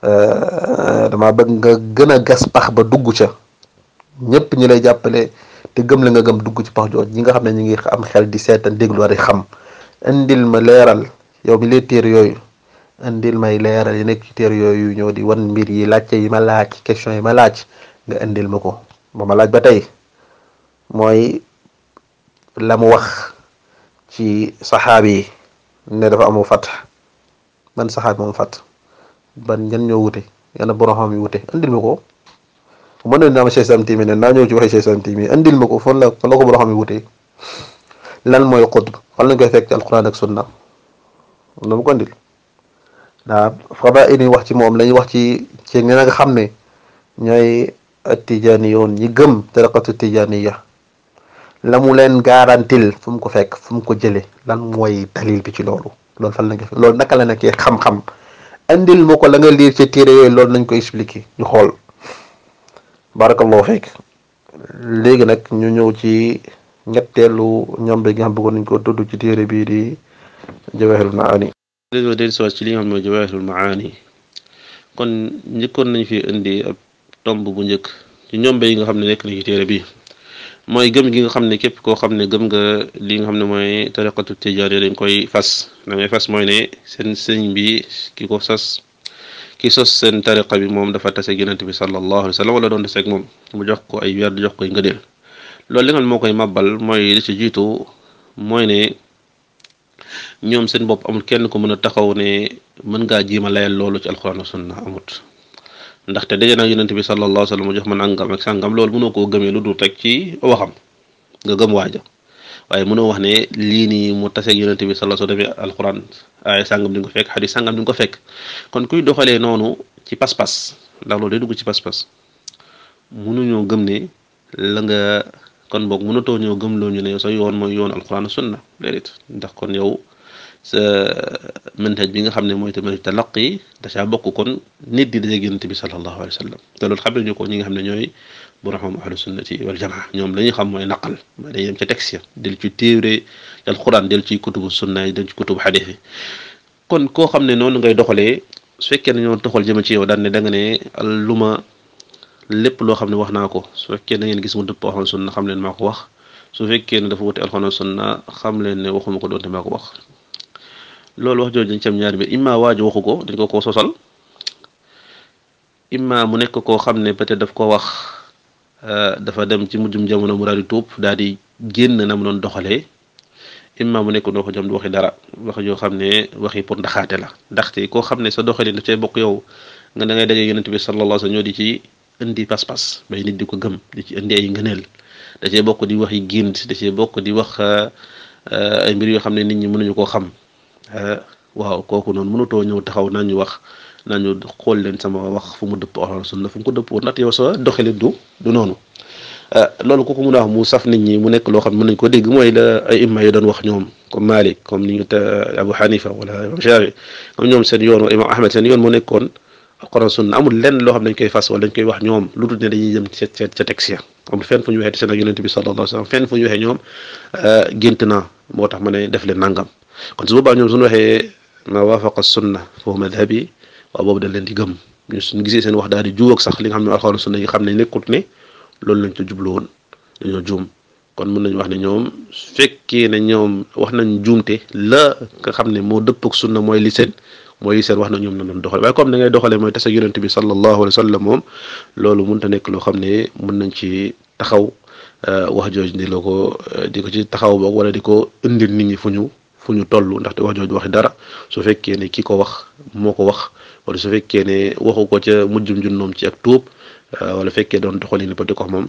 Euh, dama bëgg nga gën a gas pax ba dugg ca ñëpp ñu lay jàppale te gëm la nga gëm dugg ci pax jooju ñi nga xam ne ñu ngi am xel di seetaan déglu war xam indil ma leeral yow mi yooyu indil may leeral yi nekk yooyu ñëw di wan mbir yi laajte yi ma laaj question yi ma laaj nga indil ma ko ba ma laaj ba tey mooy la mu wax ci yi ne dafa amu fat man saxaabi moom fat ban ñan ñoo wute yàlla borom xam yi wute andil ma ko bu ma nee naa ma Cheikh Sam Tiimi ne naa ñëw ci waxi Cheikh Sam Tiimi andil ma ko fan la fan la ko borom xam yi wute lan mooy xutb fan lañ koy fekk ci alquran ak sunna na mu ko andil wax ci moom lañuy wax ci ci ña xam ne ñooy tijaaniyoon ñi gëm taraqatu tijaaniya la mu leen garantil fu mu ko fekk fu mu ko jëlee lan mooy dalil bi ci loolu loolu fan lañ koy fekk loolu naka la nekkee xam-xam. andil ma ko la nga liir ci téere yooyu loolu nañ ko expliquer ñu xool barakallahu fekk léegi nag ñu ñëw ci ñetteelu ñoom bi nga xam bëggoon nañ ko tudd ci téere bii di jawahirul maani déedéet déedéet soit ci li nga xam mooy jawahirul kon njëkkoon nañ fi indi ab tomb bu njëkk ci ñoom yi nga xam ne nekk na ci téere bii mooy gëm gi nga xam ne képp koo xam ne gëm nga li nga xam ne mooy tariqatu tijaani dañ koy fas da fas mooy ne seen sëñ bi ki ko sas ki sos seen tariqa bi moom dafa tase yonent bi sallallahu alayhi wa sallam wala doon taseeg moom mu jox ko ay weer jox koy ngëneel loolu li nga moo koy màbbal mooy li ci jiitu mooy ne ñoom seen bopp amul kenn ku mën a taxaw ne mën ngaa jiima layal loolu ci alxuraan wa sunna amut ndaxte daje na yonent bi sallallahu alayhi wa sallam mu jox ma nangam ak sàngam loolu mënoo koo gëmee lu dul teg ci waxam nga gëm waaja waaye mënoo wax ne lii nii mu taseeg yonent bi sallallahu alayhi wa sallam alquran ay sàngam di ko fekk xadis sàngam di ko fekk kon kuy doxalee noonu ci pas-pas ndax loolu day dugg ci pas-pas mënuñoo gëm ne la nga kon boog mënatoo ñoo gëm loo ñu ne yow sa yoon mooy yoon alquran sunna déedéet ndax kon yow sa manhaj bi nga xam ne mooy tamit talaqi dacaa bokk kon nit di dajeeg yonent bi sallallahu alayhi wa sallam te lool xam nañu ko ñi nga xam ne ñooy boroom ahlu sunnati wal jamaa ñoom la ñuy xam mooy naqal mooy dañuy dem ca texte ya del ci téere alquran del ci kutubu sunna yi del ci kutubu xadiis yi kon koo xam ne noonu ngay doxalee su fekkee ne ñoo toxal jëme ci yow daan ne da nga ne lu ma lépp loo xam ne wax naa ko su fekkee da gis mu dëpp alxuraan sunna xam leen maa ko wax su fekkee ne dafa wuti alxuraan sunna xam leen ne waxuma ko doonte maa ko wax loolu wax jooju dañ ci am bi mbir imma waaju waxu ko dañ ko koo sosal imma mu nekk koo xam ne peut-être daf ko wax euh, dafa dem ci mujjum jamono mu daal di tuub daal di génn na mu doon doxalee imma mu nekk noo ko jëm du waxi dara wax yoo xam ne waxi pour ndaxaate la ndaxte koo xam ne sa doxalin daf cay bokk yow nga da ngay daje yonent bi sallallahu alayhi wa sallam ñoo di ci indi pas-pas bay nit di ko gëm di ci indi ay ngëneel da cee bokk di wax yi gént da cee bokk di wax euh, euh, ay mbir yoo xam ne nit ñi mënuñu koo xam Euh, waaw kooku noonu mënutoo ñëw taxaw nañu wax nañu xool leen sama wax fu mu dëpp alxuraan sunna fu mu ko dëppoo nat yow sa doxalin du noonu euh, loolu kooku mun a wax mu saf nit ñi mu nekk loo xam ne mën nañ ko dégg mooy la ay imma yi doon wax comme ni ñu te Abu Hanifa wala imam seen yoon imam Ahmed seen yoon moo nekkoon alxuraan sunna amul lenn loo xam dañ koy fas wala dañ koy wax ñoom lu dul ne dañuy jëm ca ca ca teg si amul fenn fu ñu waxee te seen ak yonent bi sallallahu alayhi wa sallam fu ñu waxee ñoom euh, gént moo tax ma ne def leen nangam kon su boobaa ñoom suñu waxee ma waafaqa sunna foofu madhabi waaw boobu dañ leen di gëm ñu suñu gisee seen wax daal di juwóog sax li nga xam ne alxuraan sunna yi xam nañ nekkut ne loolu lañ ca jubluwoon dañoo juum kon mun nañu wax ne ñoom fekkee ne ñoom wax nañ juumte la nga xam ne moo dëpp ak sunna mooy li seen mooy li seen wax na ñoom na doon doxale waaye comme da ngay doxale mooy tas ak yonent bi sallallahu alayhi wa sallam moom loolu mënta nekk loo xam ne mën nañ ci taxaw euh, wax jooju di ko di ko ci taxaw boog wala di ko indil nit ñi fu ñu fu ñu toll ndaxte wax jooju waxe dara su fekkee ne ki ko wax moo ko wax wala su fekkee ne waxu ko ca mujjum junnoom ci ak tuub euh, wala fekkee doon doxalin ba ko moom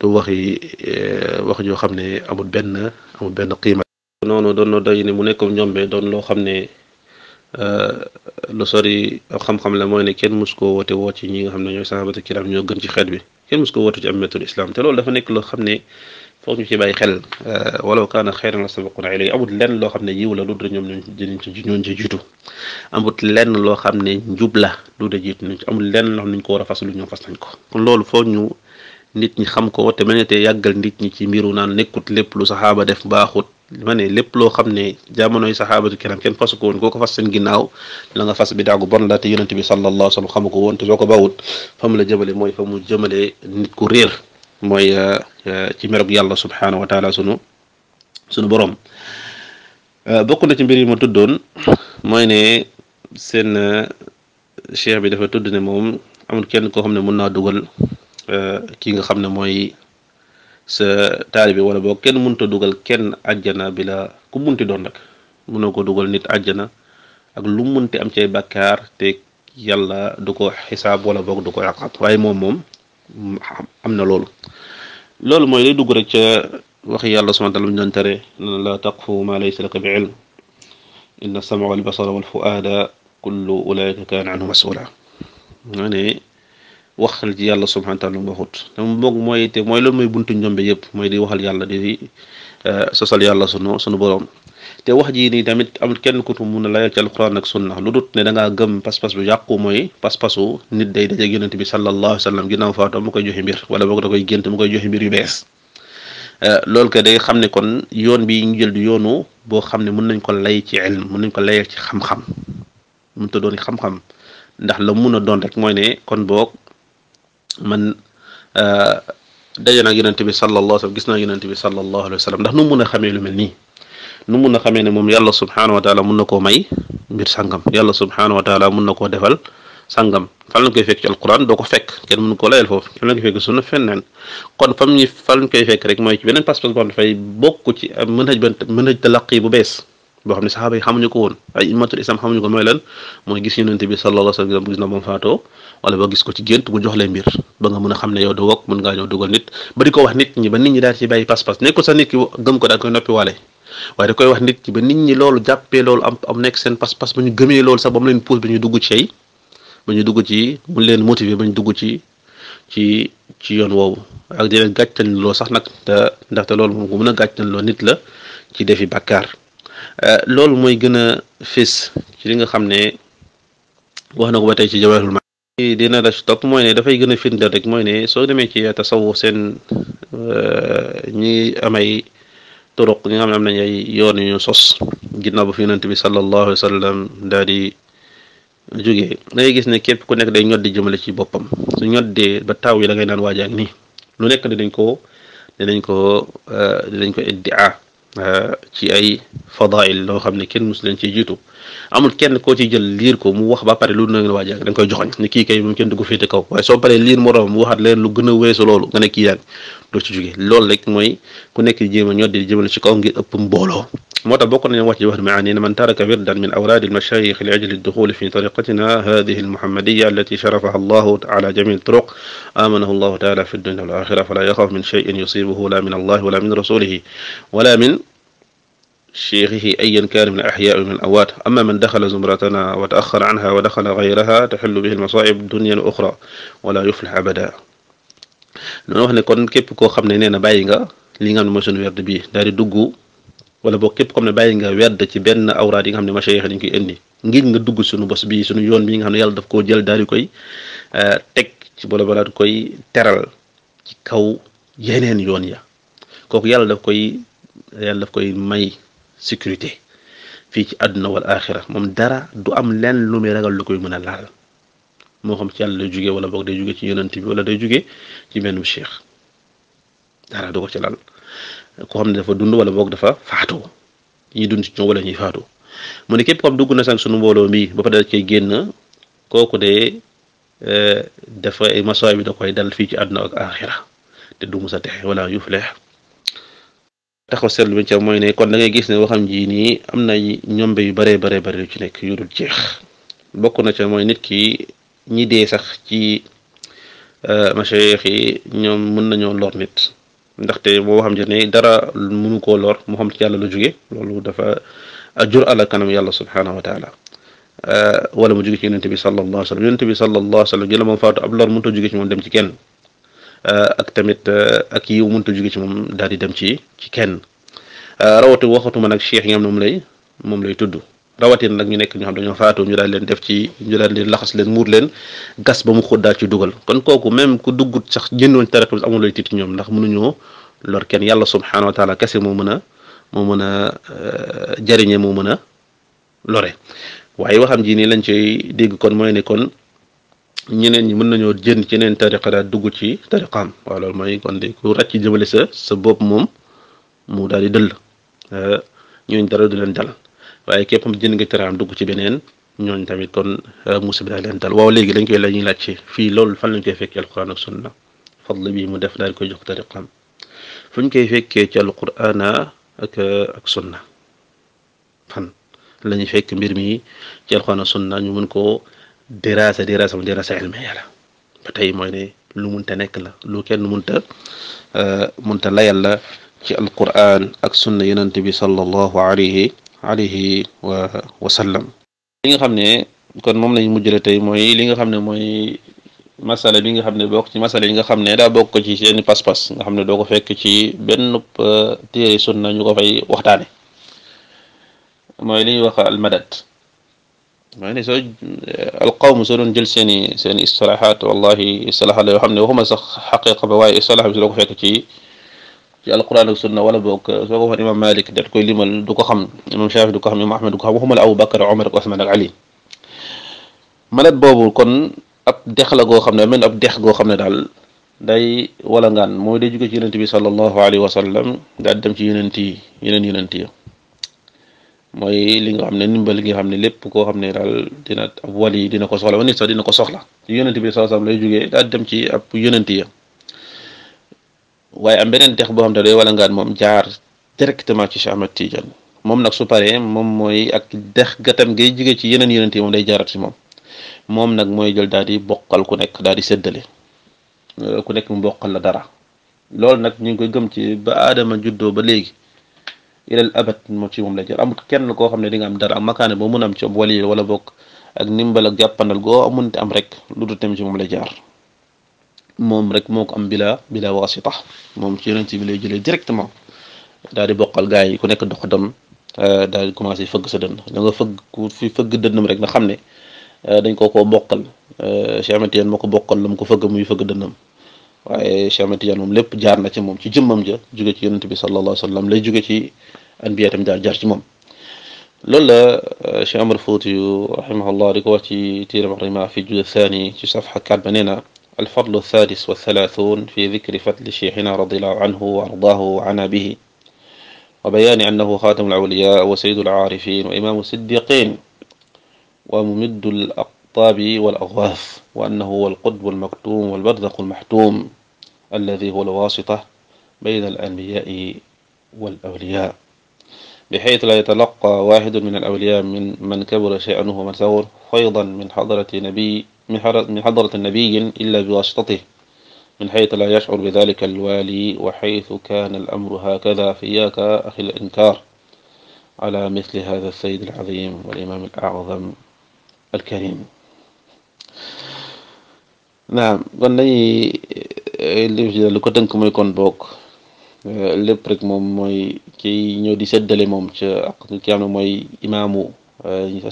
du waxi euh, wax joo xam ne amut benn amul benn qiima. noonu doon na doy ne mu nekkum ñombe doon loo xam ne euh, lu sori xam-xam la mooy ne kenn mus ko woote woo ci ñi nga xam ne ñooy sahabatu kiram ñoo gën ci xeet bi kenn mus ko woote ci am méthode islam te loolu dafa nekk loo xam ne. foog ñu ci bàyyi xel euh, walaw kaana xayran la sabaquna ilay amut lenn loo xam ne yiw la lu dul ñoom ñooñu ci amut lenn loo xam ne njub la lu dul jiitu ñu amul lenn loo xam ne ko war a fas lu ñoom fas nañ ko kon loolu foog ñu nit ñi xam ko te mel te yàggal nit ñi ci mbiru naan nekkut lépp lu saxaaba def baaxut ma ne lépp loo xam ne jamonoy saxaabatu kiram kenn fasu ko woon koo ko fas seen ginnaaw la nga fas bi daagu bon la te yonent bi sallallahu alayhi wa sallam xamu ko woon te soo ko bawut fa mu la jëmale mooy fa mu jëmale mooy euh, euh, ci merog yàlla subhaanahu wa sunu sunu borom euh, bokk na ci mbir yi doon tuddoon mooy ne seen cheikh bi dafa tudd ne moom amul kenn koo xam ne mën naa dugal ki nga xam ne mooy sa taalibe wala boo kenn mënta dugal kenn àjjana bi la ku munti doon nag mënoo ko dugal nit àjjana ak lu munti am cay bàkkaar te yàlla du ko xisaab wala boog du ko àqaab waaye moom moom am na loolu loolu mooy lay dugg rek ca wax yàlla subhanahu wa taala mu doon tere nan la taqfu ma laysa laka bi ilm inna sama wal basara wal fuaada kullu ulaika kaana anhu masula maa ne waxal ci yàlla subhanahu wa taala mu mooy te mooy loolu mooy buntu njombe yëpp mooy di waxal yàlla di eh, sosal yàlla sunu sunu boroom te wax jii nii tamit am kenn ku mun a layal ci alquran ak sunna lu dut ne da ngaa gëm pas-pas bu yàqu mooy pas-pasu nit day dajeeg yonent bi sallallahu alayhi wa sallam ginnaaw faatu mu koy joxe mbir wala boog da koy gént mu koy joxe mbir euh, loolu que day xam ne kon yoon bi ñu jël di yoonu boo xam ne mun nañ ko lay ci ilm nañ ko layal ci xam-xam mun doon xam-xam ndax la mun a doon rek mooy ne kon boog man euh, na naa yonent bi sallallahu alayhi wa naa yonent bi sallallahu alayhi wa sallam ndax nu mun a xamee lu mel nii nu mun a xamee ne moom yàlla subhaanahu wa taala mun na koo may mbir sàngam yàlla subhaanahu wa na koo defal sàngam fan lañ koy fekk ci alquran doo ko fekk kenn mënu ko layal foofu fan lañ koy fekk sunna feneen boo bokk ci manhaj bu bees boo xam ne saxaaba yi ko woon ay imatul islam xamuñu ko gis yonente bi sallallahu alayhi wasallam gis na moom faatoo wala ba gis ko ci gént a xam ne yow nit ko wax ko daal koy noppi waale waaye da koy wax nit ki ba nit ñi loolu jàppee loolu am am nekk seen pas-pas ba ñu gëmee loolu sax ba mu leen pousse ba ñu dugg ci ay ba ñu dugg ci mu leen motiver ba ñu dugg ci ci ci yoon woowu ak di gàccal loo sax nag te ndaxte loolu moom ku mën a gàccal loo nit la ci defi bàkkaar euh, loolu mooy gën a fés ci li nga xam ne wax na ko ba tey ci jawaahirul maani dina la topp mooy ne dafay gën a firndeel rek mooy ne soo demee ci tasawuf seen euh, ñi amay turuq yi nga xam ne am nañ ay yoon yu sos ginnaaw ba fi yonent bi sallallahu alayhi wa sallam daal di jógee da gis ne képp ku nekk day ñoddi jëmale ci boppam su ñoddee ba taw yi da ngay naan waajaa ak nii lu nekk dinañ ko dinañ ko euh, dinañ ko iddia euh, ci ay fadail loo xam ne kenn musu leen ci jiitu amul kenn koo ciy jël liir ko mu wax ba pare lu na ngeen waa jàng da nga koy joxoñ ne kii ko féete kaw waaye soo paree liir moroom mu waxaat leen lu gën a weesu loolu nga ne kii yaa ngi doo ci jóge loolu rek mooy ku nekk di jéem a ñoddi di jëmale ci kaw ngir ëpp moo tax bokk nañu wax ci wax maani man taraka wirdan min awraadi almashayikh li ajli fi tariqatina hadihi almuhammadiya allati sharafaha allahu ala taala fi dunia wal axira fala yaxaf min cheyin yusibuhu la min allah wala min rasulihi شيخه أيا كان من الأحياء من الأوات أما من دخل زمرتنا وتأخر عنها ودخل غيرها تحل به المصائب دنيا أخرى ولا يفلح أبدا نحن وخني كون كيب كو خامني نينا بايغا ليغا ما سون ويرد بي داري دوغو ولا بو كيب كوم بايغا ويرد سي بن اوراد ييغا خامني مشايخ نينكو اندي نغي nga دوغو سونو بوس بي سونو يون بي nga خامني يالا داف جيل داري كوي آه، تك سي بولا بولا كوي تيرال سي كاو يينين يون يا كوكو يالا داف كوي يالا ماي sécurité fii ci àdduna wal axira moom dara du am lenn lu muy ragal lu koy mën a laal moo xam ci yàlla lay juge wala boog day jóge ci yonent bi wala day jóge ci benn cheikh dara du ko ci laal koo xam ne dafa dund wala boog dafa faatu ñuy dund ci ñoom wala ñuy faatu mu ne képp ko dugg na sax sunu mbooloo mii ba pare da cay génn kooku de eh, dafa masoy bi da koy dal fii ci àdduna ak axira te du musa texe wala yufleex taxaw seetlu bi ca mooy ne kon da ngay gis ne waxam ji nii am na ñombe yu bare baree bari yu ci nekk yu dul jeex bokk na ca mooy nit ki ñi dee sax ci euh, macheikh yi ñoom mën nañoo lor nit ndaxte boo waxam ji ne dara mënu ko loor moo xam ci yàlla lu jóge loolu dafa jur àla kanam yàlla subhaanahu wa taala euh, wala mu jóge ci yonente bi sallallahu alayhi wa a jóge ci moom dem ci kenn Euh, ak tamit euh, ak yiw mënta jóge ci moom daal di dem ci ci kenn euh, rawati waxatuma nag cheikh yi nga moom lay moom lay tudd rawatina nag ñu nekk ñoo xam dañoo faatu ñu daal leen def ci ñu daal leen laxas leen muur leen gas ba mu xóot daal ci dugal kon kooku même ku duggut sax jëndoon tariqa bi amul lay tiit ci ñoom ndax mënuñoo lor kenn yàlla subhanahu wa taala kese moo mën a moo mën a jariñe moo mën a lore waaye waxam ji nii lañ cay dégg kon mooy ne kon ñeneen ñi mën nañoo jënd ci neen tariqa daal dugg ci tariqaam waaw loolu mooy kon de ku ràcc jëmale sa sa bopp moom mu daal di dëll euh, ñooñ dara du leen dal waaye képpam jënd nga tariqaam dugg ci beneen ñooñ tamit kon euh, musiba daal leen dal waaw léegi dañ koy la ñuy laaj ci fii loolu fan lañ koy fekkee alquran ak sunna fadl bi mu def daal koy jox tariqaam fu ñu koy fekkee ci alquran ak ak sunna fan la ñuy fekk mbir mi ci alquran ak sunna ñu mën koo dirasa dirasa mu dirasa tey mooy lu munta nekk la lu kenn munta euh, munta layal la ci alquran ak sunna yonent bi sallallahu alayhi alayhi wa wasallam li nga xam ne kon moom lañ mujjële tey mooy li nga xam ne mooy masala bi nga xam ne bokk ci masala yi nga xam ne daa bokk ci seen pas-pas nga xam ne doo ko fekk ci benn euh, téere sunna ñu ko fay waxtaane mooy li ñuy wax almadad mooy ne soo eh, alqawm soo doon jël seen i seen i istilahaat wallahi istilahaat la yoo xam ne waxuma sax xaqiqa ba waaye istilah bi soo ko fekk ci ci alquran ak sunna wala boog eh, soo ko waxoon imam malik dat koy limal du ko xam imam shafi du ko xam imam ahmad du ko xam waxuma la abou bakar omar ak osman ak ali malet boobu kon ab dex la goo xam ne mel ab dex goo xam ne daal day wala ngaan mooy day jóge ci yonent bi sallallahu alayhi wa sallam daal dem ci yonent yi yeneen yonent yi mooy li nga xam ne ndimbal gi nga xam ne lépp koo xam ne daal dina ab wali dina ko soxla wala sax dina ko soxla ci yonent bi sallallahu alayhi lay jógee daal dem ci ab yonent ya waaye am boo xam ne day wala ngaan moom jaar directement ci Cheikh Ahmed Tidiane moom nag su paree moom mooy ak dex gatam ngay jóge ci yeneen yonent yi moom day jaarat si moom moom nag mooy jël daal di bokkal ku nekk daal di séddale ku nekk mu bokkal la dara loolu nag ñu ngi koy gëm ci ba aadama juddoo ba léegi ilal abad moo ci moom la jël amul kenn koo xam ne di nga am dara am makaane boo mun am ci ab wali wala bokk ak ndimbal ak jàppandal goo amunte am rek lu dul tamit ci moom la jaar moom rek moo ko am bila bila wasita moom ci yonent bi lay jëlee directement daal di bokkal gars yi ku nekk dox dem euh, daal di commencé fëgg sa dënn da nga fëgg ku fi fëgg dënnam rek nga xam ne euh, dañ koo koo bokkal euh, Cheikh Ahmed Tidiane moo ko mu ko fëgg muy fëgg dënnam waaye Cheikh Ahmed Tidiane moom lépp jaar na ci moom ci jëmmam ja jóge ci yonent bi sallallahu alayhi wa sallam lay jóge ci انبياء تم دار ci موم لولا آه، شي امر فوتي رحمه الله ركوتي تير مريم في الجزء الثاني في صفحه thani الفضل السادس والثلاثون في ذكر فضل شيخنا رضي الله عنه وأرضاه وعنا به وبيان أنه خاتم الأولياء وسيد العارفين وإمام الصديقين وممد الأقطاب والأغواث وأنه هو القطب المكتوم والبرزق المحتوم الذي هو الواسطة بين الأنبياء والأولياء بحيث لا يتلقى واحد من الأولياء من من كبر شأنه ومثور فيضا من حضرة نبي من حضرة نبي إلا بواسطته من حيث لا يشعر بذلك الوالي وحيث كان الأمر هكذا فياك أخي الإنكار على مثل هذا السيد العظيم والإمام الأعظم الكريم نعم gonay اللي ko deunk moy kon lépp rek mom moy ki ñëw di mom ci moom ca am moy mooy imaamu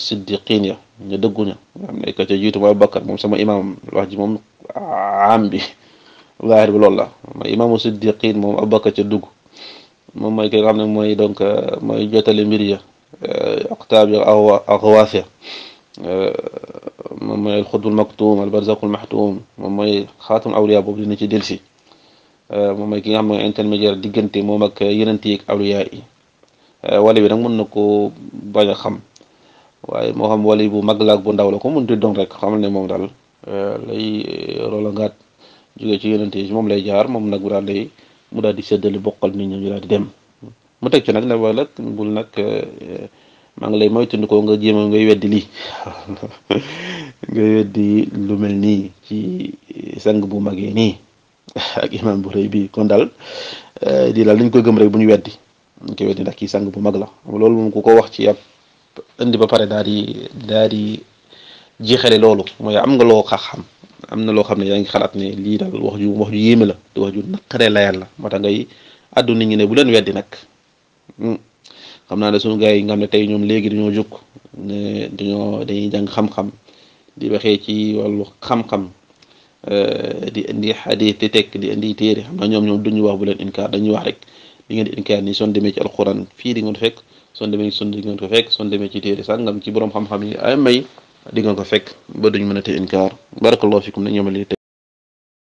siddiqin ya ñu dëggu ña nga xam ne ka ca jiitu mooy Bakar moom sama imam wax ji mom am bi zaahir bi lool la mooy imaamu siddiqin mom Abubakar ci dugg mom moy ki nga xam ne donc moy jotale mbir ya aqtab ya aw axwaas ya moom mooy alxudbu almaktuum albarzaqu mahtum mom moy khatam awliya bobu dina ci delsi Euh, moom mooy ki nga xam mooy intermédiaire diggante moom ak yenent yi ak awliya yi euh, wali bi nag mën na ko bañ xam waaye moo xam yi bu mag laa ak bu ndaw la ko mën di doon rek xamal ne moom daal euh, lay roola ngaat jóge ci yenent moom lay jaar moom nag bu daal lay mu daal di seddale bokkal ni ñi ñu daal dem mu teg ci nag ne wala bul nag maa ngi lay moytandikoo nga jéem ngay weddi lii ngay weddi lu mel nii ci sang bu magee nii ak imaam bu rëy bi kon daal lii eh, daal dañ koy gëm rek bu ñu weddi dañ koy weddi ndax kii sàng bu mag la loolu moom ku ko wax ci ab indi ba pare daal di daal di jeexale loolu mooy am nga loo xam am na loo xam ne yaa ngi xalaat ne lii daal wax ju wax ju yéeme la di ju naqaree la yàlla moo tax ngay addu nit ñi ne bu leen nag hmm. xam naa ne suñu gars yi nga xam ne tey ñoom léegi dañoo jóg ne dañoo dañuy jàng xam-xam di waxee ci wàllu xam-xam Eh, di indi xadis di teg di indi téere xam nga ñoom ñoom duñu wax bu leen inkaar dañuy wax rek li ngeen di inkaar nii son demee alquran fii di ngeen ko fekk son demee ci son di ngeen ko fekk son demee ci téere sàngam ci boroom xam-xam yi ay may ko fekk ba duñ mën a te inkaar barakallahu fikum nañ yemale